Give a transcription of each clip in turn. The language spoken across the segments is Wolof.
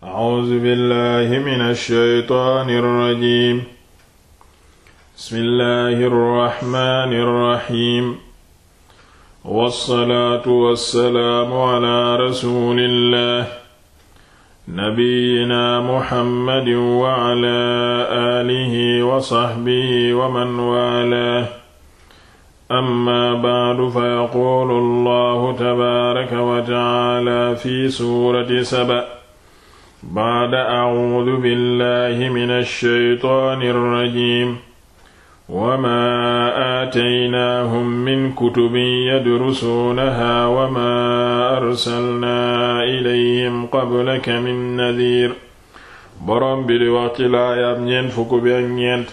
A'uuzu billaahi mina shaytaani rajiim. Bismillaahi rahmaani rahiim. Wassalaatu wassalaamu alaa rasuulillah. Nabiyyinaa Muhammadin wa alaa aalihi wa sahbihi wa man waalaah. Ammaa ba'du fa yaquulu Allahu tabaaraka wa ta'aalaa fi suurati Saba. shaytaani rajiim wa maa aataynaahum min kutubin yadrusuunahaa wa maa arsalnaa ilayhim qablaka min nadiir boroom bi di wax ci laayaab ñeent fukk bi ak ñeent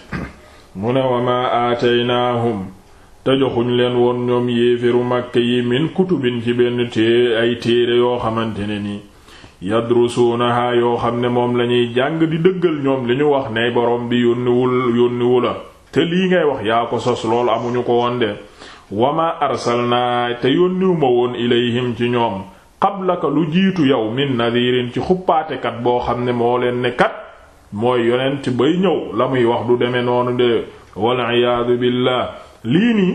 mu ne wa maa aataynaahum te joxuñ leen woon ñoom yéefiru màkk yi min kutubin ci benn tée ay téere yoo xamante ne nii yadrusuunahaa yoo xam ne moom lañuy jàng di dëggal ñoom li ñu wax ne borom bi yónniwul yónniwu la te lii ngay wax yaa ko sos loolu amuñu ko woon de wamaa arsalnaa te yónniwu ma woon ilayhim ci ñoom qablaka lu jiitu yow min nadirin ci xuppaatekat boo xam ne moo leen ne kat mooy yonent bay ñëw la muy wax du demee noonu de wal iyaadu billah lii nii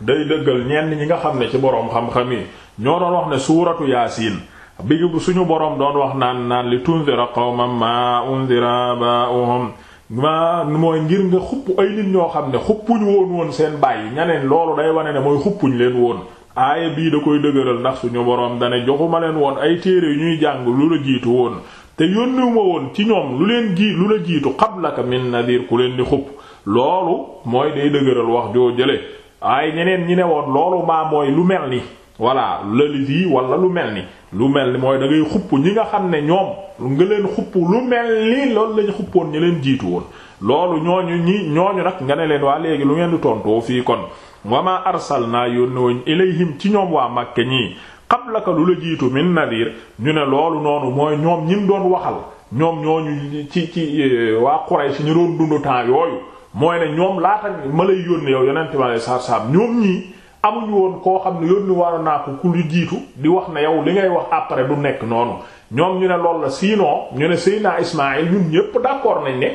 day dëggal ñenn ñi nga xam ne ci boroom xam-xam yi ñoo doon wax ne suuratu yaasiin bi suñu boroom doon wax naan naan li tunzira qawman ma unzira baa'uhum ma mooy ngir nga xupp ay nit ñoo xam ne xuppuñ woon woon seen bàyyi ñaneen loolu day wane ne mooy xuppuñ leen woon aaya bii da koy dëgëral ndax suñu boroom dane leen woon ay téere ñuy jàng lu la jiitu woon te yónniwuma woon ci ñoom lu leen ji lu la jiitu qablaka min nadir ku leen di xupp loolu mooy day dëgëral wax joo jële ay ñeneen ñi ne woon loolu maa mooy lu mel ni voilà lëlit yi wala lu mel ni lu mel ni mooy da ngay xupp ñi nga xam ne ñoom nga leen xupp lu mel loolu lañ xuppoon ñu leen jiitu woon loolu ñoo ñu ñi ñooñu nag nga ne leen waa léegi lu ngeen di tontoo fii kon wama arsalnaa yónnewuñ ilayhim ci ñoom waa Màkke ñii qablaka lu la jiitu min nadir ñu ne loolu noonu mooy ñoom ñim doon waxal ñoom ñoo ñu ci ci euh, waa Quraysh ñu doon dundu temps yooyu mooy ne ñoom laata ma lay yónne yow yonente mi alei satu ñoom ñii amuñu woon koo xam ne yónni waroon naa ko ku lu jiitu di wax na yow li ngay wax après du nekk noonu ñoom ñu ne loolu la sinon ñu ne Seydina Ismaïl ñun ñépp d'accord nañ ne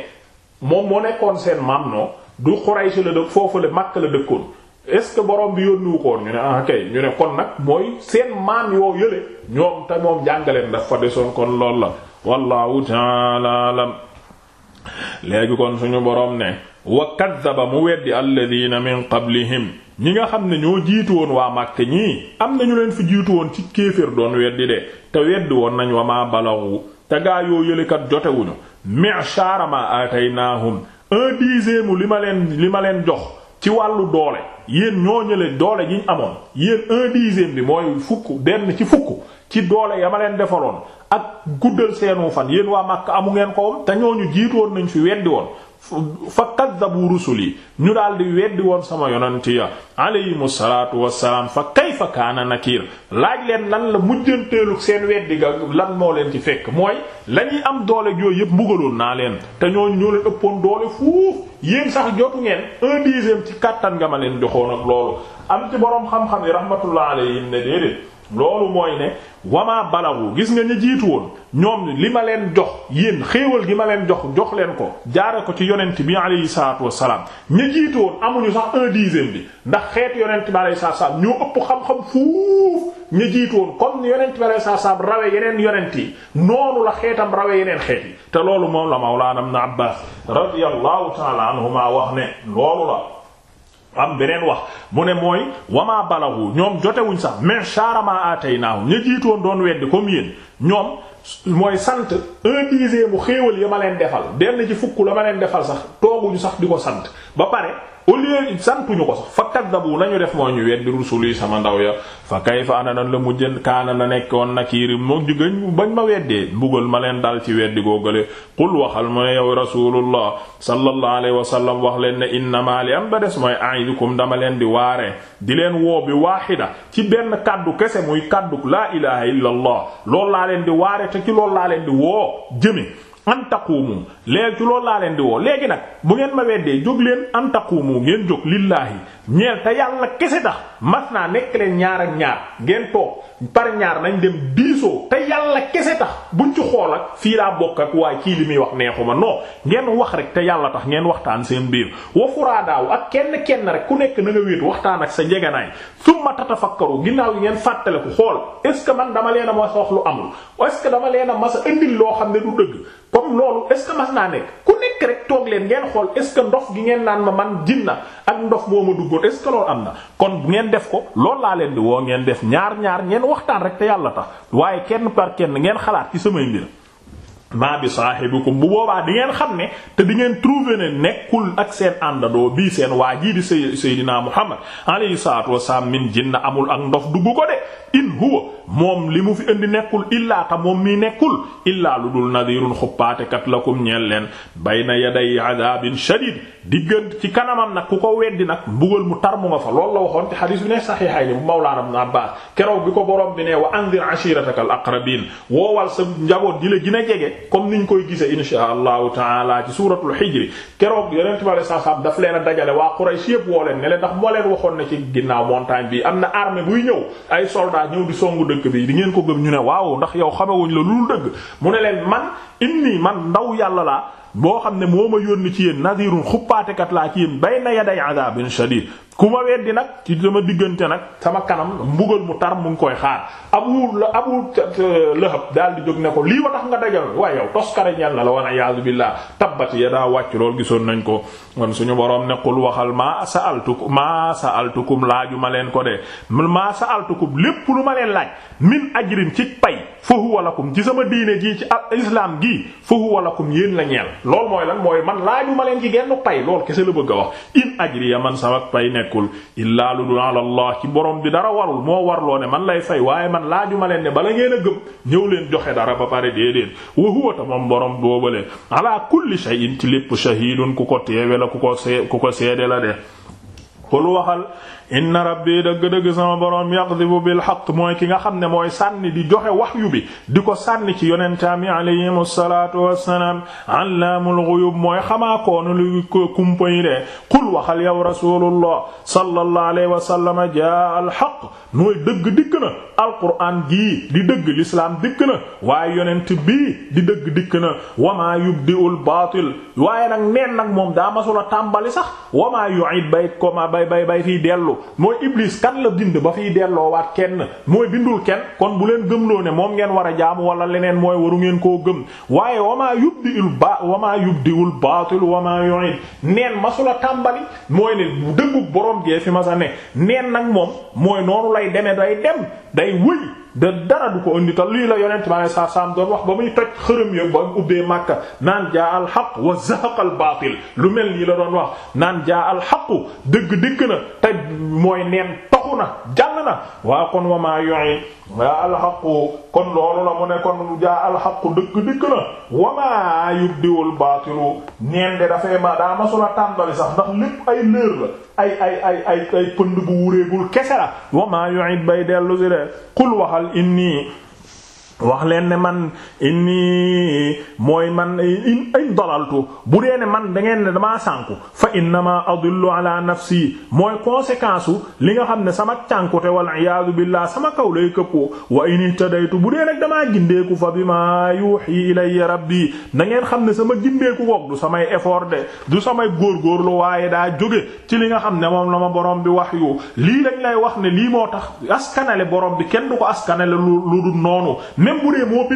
moom moo nekkoon seen maam non du Quraysh la dëkk foofu la Makka la dëkkoon est-ce que borom bi yónniwu ko ñu ne ah ñu ne kon nag mooy seen maam yoo yële ñoom te moom jàngaleen daf fa desoon kon loolu la wallahu ta'ala alam léegi kon suñu borom ne wa kaddaba mu weddi alladhina min qablihim ñi nga xam ne ñoo jiitu woon waa Màkka ñii am nañu leen fi jiitu woon ci kéeféer doon weddi de te weddi woon nañu wa maa balawu te gaa yoo yëlekat jotewuñu mi'shara ma ataynahum un dixième li ma leen li ma leen jox ci wàllu doole yéen ñoo ñële doole jiñ amoon yéen un bi mooy fukk benn ci fukk ci doole ya ma leen defaloon ak guddal seenu fan yéen waa Màkka amu ngeen ko woon te ñooñu jiitu woon nañ fi weddi woon fa kaddabu rusuli ñu daal di weddi woon sama yonent ya alayhimu salaatu wassalaam fa kayfa kaana nakiir laaj leen lan la mujjanteelu seen weddi ga lan moo leen ci fekk mooy lañuy am doole yooyu yëpp mbugaloon naa leen te ñooñu ñoo leen ëppoon doole fuuf yéen sax jot ngeen un ci kàttan nga ma leen joxoon ak loolu am ci boroom xam-xam yi rahmatullah alayhim ne déedéet loolu mooy ne wamaa balagu gis nga ñi jiitu woon ñoom li ma leen jox yéen xéewal gi ma leen jox jox leen ko jaare ko ci yonent bi alayhi salaatu wassalaam ñu jiitu woon amuñu sax un bi ndax xeet yonent bi alayhi salaatu wassalaam ëpp xam-xam fuuf ñi jiitu woon comme yonent bi alayhi salaatu wassalaam rawe yeneen yonent yi noonu la xeetam rawe yeneen xeet te loolu moom la mawlaana ibn Abbaas radiyallahu ta'ala anhuma wax ne loolu la am beneen wax mu ne mooy wamaa balagu ñoom jotewuñ sax mais charama ataynahu ña jiitoon doon weddi comme yéen ñoom mooy sant un dixième mu xéewal ya ma leen defal benn ci fukk la ma leen defal sax tooguñu sax di ko sant ba pare au lieu santuñu ko sax fa kaddabu lañu def mooy ñu weddi rusuli sama ndaw ya fa kayfa ana nan la mujjën kaana na nekkoon nakiiri moo jigéen bañ ma weddee mbugal ma leen dal ci weddi googale qul waxal mu ne yow rasulullah sallallahu alayhi wasallam wax leen ne innama li am ba des mooy a'idukum dama leen di waare di leen woo bi waaxida ci benn kaddu kese muy kaddu laa ilaha illa allah loolu laa leen di waare te ci lool laa leen di woo jëme an taqumu léegi ci loolu laa leen di woo léegi nag bu ngeen ma weddee jóg leen an taqumu ngeen jóg lillaahi ñeel te yàlla kese tax mas naa nekk leen ñaar ñaar ngeen toog par ñaar nañ dem diisoo te yàlla kese tax buñ ci xool ak fii laa bokk ak waaye kii li muy wax neexuma non ngeen wax rek te yàlla tax ngeen waxtaan seen biir wa furaadaaw ak kenn kenn rek ku nekk na nga wéet waxtaan ak sa njeganaay summa tatafakkaru ginnaaw yi ngeen fàttaliku xool est ce que man dama leen a mas wax lu amul est ce que dama leen a mas a loo xam ne du dëgg comme loolu est mas naa nekk. nekk rek toog leen ngeen xool est ce que ndox gi ngeen naan ma man jinna ak ndox moo ma duggoon est am na kon bu ngeen def ko loolu laa leen di woo ngeen def ñaar ñaar ngeen waxtaan rek te yàlla tax waaye kenn par kenn ngeen xalaat ci samay mbir maa bi saahibikum bu boobaa di ngeen xam ne te di ngeen trouver ne nekkul ak seen àndandoo bii seen waa jii di say Seydina Muhammad alayhi salaatu wasalaam min jinna amul ak ndof duggu ko de in huwa moom li mu fi indi nekkul illaa ta moom mii nekkul illaa lu dul nadirun xuppaatekat lakum ñeel leen bayna yaday adabin shadid diggant ci kanamam nag ku ko weddi nag mbugal mu tar mu nga fa lool la waxoon ci xadiis bi ne saxiixay ni bu Mawlaana Ibn Abbaas keroog bi ko borom bi ne wa anzir ashirataka woowal sa njaboot di la gën a jege comme ni ñu koy gisee insha allahu taala ci suuratul xijri keroog yonent bi alayhi salaam daf leen a dajale waa Quraysh yépp woo leen ne leen ndax moo leen waxoon ne ci ginnaaw montagne bi am na armée buy ñëw ay soldats ñëw di songu dëkk bi di ngeen ko gëm ñu ne waaw ndax yow xamewuñ la lu dëgg mu ne leen man inni man ndaw yàlla laa boo xam ne moo ma yónni ci yéen nadirun xuppaatekat laa ci yéen bayna yaday adabin shadid ku ma weddi nag ci sama diggante nag sama kanam mbugal mu tar mu ngi koy xaar abu la abu lahab daal di jóg ne ko lii wa tax nga dajal waaye yow toskare ñel na la wan ayasu billah tabbat ya daa wàcc lool gisoon nañ ko kon suñu boroom nequl waxal maa sa'altukum maa sa'altukum laaju ma leen ko de maa sa'altukum lépp lu ma leen laaj min ajrin ci pay fa huwa lakum ci gi fa huwa lakum yéen la ñeel lool mooy lan mooy man laaju ma leen ci genn pay lool kese la bëgg a wax in ajriya man sama pay nekkul illaa lu dul ala allah ci borom bi dara warul moo warloo ne man lay fay waaye man laaju ma leen ne bala ngeen a gëm ñëw leen joxe dara ba pare déedéet wa huwa tamam borom boobale ala kulli shay'in ci lépp shahidun ku ko teewe la ku ko see ku ko seede la de kul waxal inna rabbi dëgg-dëgg sama borom yaqdhibu bil haqq mooy ki nga xam ne mooy sànni di joxe wahyu bi di ko sànni ci yonentam yi alayhim salaatu wassalaam allaamul ghuyub mooy xamaa koonu lu ko kumpa yi de qul waxal yow rasulullah sallallahu alayhi wa sallam jaa al haqq mooy dëgg dikk na alquraan gii di dëgg lislaam dikk na waaye yonent bii di dëgg dikk na wamaa yubdi'ul baatil waaye nag neen nag moom daa masula tàmbali sax wamaa yu'id bay koma bay bay bay fiy dellu loolu mooy iblis kan la bind ba fiy delloo waat kenn mooy bindul kenn kon bu leen gëmloo ne moom ngeen war a jaamu wala leneen mooy waru ngeen koo gëm waaye wamaa yubdiul ba wamaa yubdiul baatil wamaa yu'id neen masula tàmbali mooy ne dëggub borom gee fi ma sa ne neen nag moom mooy noonu lay deme day dem day wëy da dara du ko indi te lii la yonent ma ne saa saam doon wax ba muy toj xërëm yo ba ubbee Makka naan jaa alxaq wa zahaqa al baatil lu mel nii la doon wax naan jaa alxaqu dëgg dëgg na te mooy neen toxu na na waa kon wa maa yu'in waa alxaqu kon loolu la mu ne kon jaa alxaqu dëkk dëkk na wa maa yubdiwul baatilu neen de dafay ma daa masula tàmbali sax ndax lépp ay leer la ay ay ay pënd bu wureegul kese wa maa yu'in bay dellu si de qul waxal inni wax leen ne man inni mooy man in in dalaltu bu dee ne man da ngeen ne damaa sànku fa innama adillu ala nafsi mooy conséquence u li nga xam ne sama cànkute wal iyaadu billah sama kaw lay këppoo wa in ihtadaytu bu dee damaa gindeeku fa bima yuhi ilayya rabbi da ngeen xam ne sama gindeeku koog samay effort de du samay góorgóorlu waaye daa jóge ci li nga xam ne moom la ma borom bi wax yu lii lañ lay wax ne lii moo tax askanale borom bi kenn du ko askanale lu du noonu même bu dee moo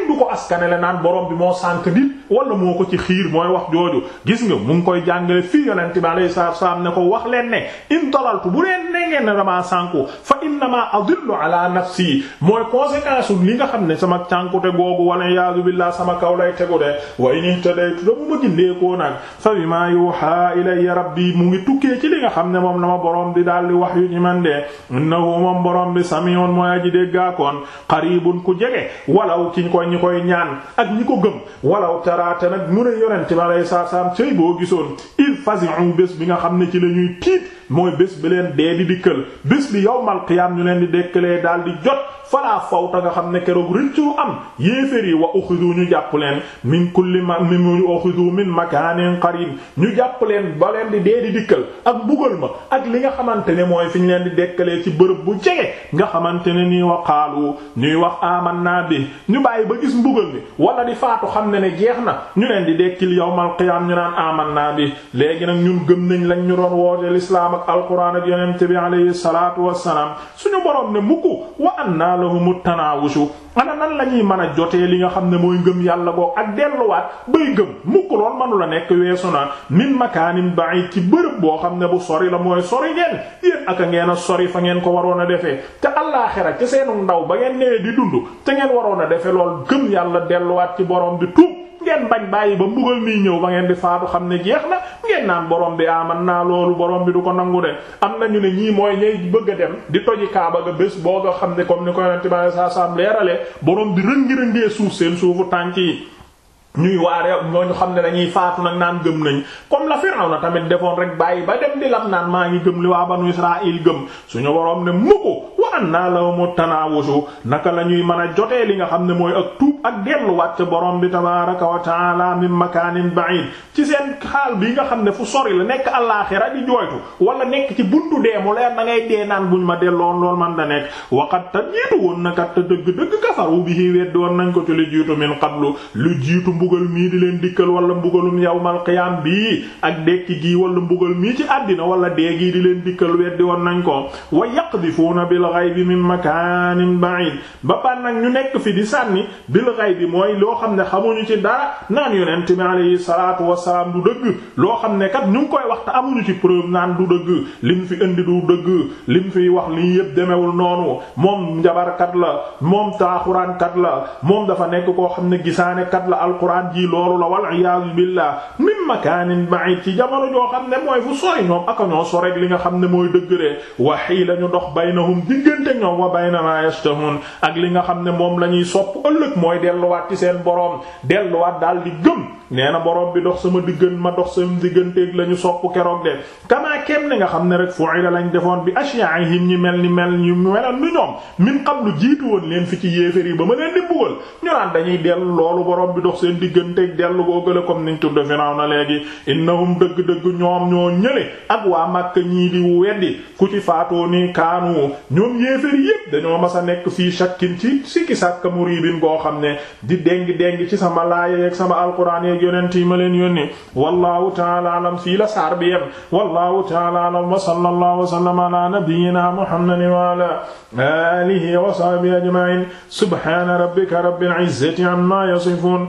kenn du ko askanele naan borom bi moo sànk nit wala moo ko ci xiir mooy wax jooju gis nga mu ngi koy jàngale fii yonent bi alayhi salaatu wassalaam ne ko wax leen ne in dalaltu bu leen ne ngeen dama sànku fa innama adillu ala nafsi mooy conséquence li nga xam ne sama cànkute googu wala yaazu billah sama kaw lay tegu de wa in ihtadaytu da mu ma gindeekoo nag fa bima yuha ilayya rabbi mu ngi tukkee ci li nga xam ne moom la ma borom di daal di wax yu ñu man de innahu moom borom bi sami'un mooy aji déggaakoon qaribun ku jege walaw kiñ koy ñi koy ñaan ak ñi ko gëm walaw taraate nag mu ne yonente mi aleyi saatu salaam boo gisoon il fasi'u bés bi nga xam ne ci la tiit mooy bés bi leen dee di dikkal bés bi yawmal qiyaam ñu leen di dekkalee daal di jot falaa ta nga xam ne keroog rëccu am yéeféer yi wa uxidu ñu jàpp leen min kulli mi mu uxidu min makanin qarib ñu jàpp leen ba di dee di dikkal ak mbugal ma ak li nga xamante ne mooy fi ñu leen di dekkalee ci bërëb bu jege nga xamante ne nii wa qaalu ñuy wax naa bi ñu bàyyi ba gis mbugal mi wala di faatu xam ne ne jeex na ñu leen di dekkil yawmal qiyaam ñu naan naa bi léegi nag ñun gëm nañ lañ ñu doon lislaam l'islam ak alquran ak yonent bi alayhi salatu wassalaam mu lahumut tanaawushu ana nan la ñuy mën a jotee li nga xam ne mooy ngëm yàlla boobu ak delluwaat bay gëm mukk lool manu la nekk weesu naan min makaanin ba'id ci bërëb boo xam ne bu sori la mooy sori ngeen yéen ak a ngeen a sori fa ngeen ko waroon a defee te allaaxira ca seenu ndaw ba ngeen nee di dund te ngeen waroon a defee lool gëm yàlla delluwaat ci borom bi tuub ngeen bañ bàyyi ba mbugal mi ñëw ba ngeen di faatu xam ne jeex na ngeen naan borom bi aman naa loolu borom bi du ko nangu de am nañu ne ñii mooy ñay bëgg a dem di toji kaaba ga bés boo nga xam ne comme ni ko yonente bi sallallahu alayhi wasallam leerale borom bi rëngi-rëngee suuf seen suufu tànk yi ñuy waare ñooñu xam ne dañuy faatu nag naan gëm nañ comme la Firawna tamit defoon rek bàyyi ba dem di lam naan maa ngi gëm li waa banu Israël gëm suñu boroom ne mukk wa annaa lahumu tanaawushu naka la ñuy mën a jotee li nga xam ne mooy ak tuub ak delluwaat ca boroom bi tabaaraka wa taala min makaanin ci seen xaal bi nga xam ne fu sori la nekk àllaaxira di jooytu wala nekk ci buntu dee mu leer na dee naan buñ ma delloon lool man da nekk waqat ta jiitu woon nakat woon nañ ko ci lu jiitu min mbugal mii di leen dikkal wala mbugalum yawmal qiyaam bii ak dekki gii wala mbugal mii ci àddina wala dee gii di leen dikkal weddi woon nañ ko wa yaqdifuuna bil ghaybi min makaanin ba'iid ba ban nag ñu nekk fi di sànni bil bi mooy loo xam ne xamuñu ci dara naan yonent mi alayhi salaatu wassalaam du dëgg loo xam ne kat ñu ngi koy wax te amuñu ci preuve naan du dëgg lim fi indi du dëgg lim fi wax lii yépp demewul noonu moom njabarkat la moom taaxuraankat la moom dafa nekk koo xam ne gisaane kat la alxuraan alquran ji loolu la wal iyaazu billah min makaanin li nga xam ne mooy dëggree waxii la ñu dox baynahum diggante ñoom wa bayna ma yashtahun ak li nga xam ne moom la ñuy sopp ëllëg mooy delluwaat ci seen boroom delluwaat daal di gëm nee na boroom bi dox sama diggan ma dox sama digganteeg la ñu sopp keroog de kamaa kem nga xam ne rek fu'ila lañ defoon bi ashya'ihim ñi mel ni mel ñu melan ni ñoom min qablu jiitu woon leen fi ci yéefér yi ba ma leen di mbugal ñu naan dañuy dellu loolu boroom bi dox seen digganteeg dellu googale comme niñ tudde Firawna léegi innahum dëgg-dëgg ñoom ñoo ñële ak waa Makka ñii di weddi ku ci faatoo kaanu ñoom yéefér yépp dañoo mas a shakkin ci sikki sàkka muribin goo xam ne di déng-déng ci sama laaya yeeg sama alquran yeeg yonent yi ma leen yónni wallahu ta'ala alam fii la saar bi wallahu ta'ala alam wa sallallahu wa sallama ala nabiyyina muhammadin wa ala alihi yasifun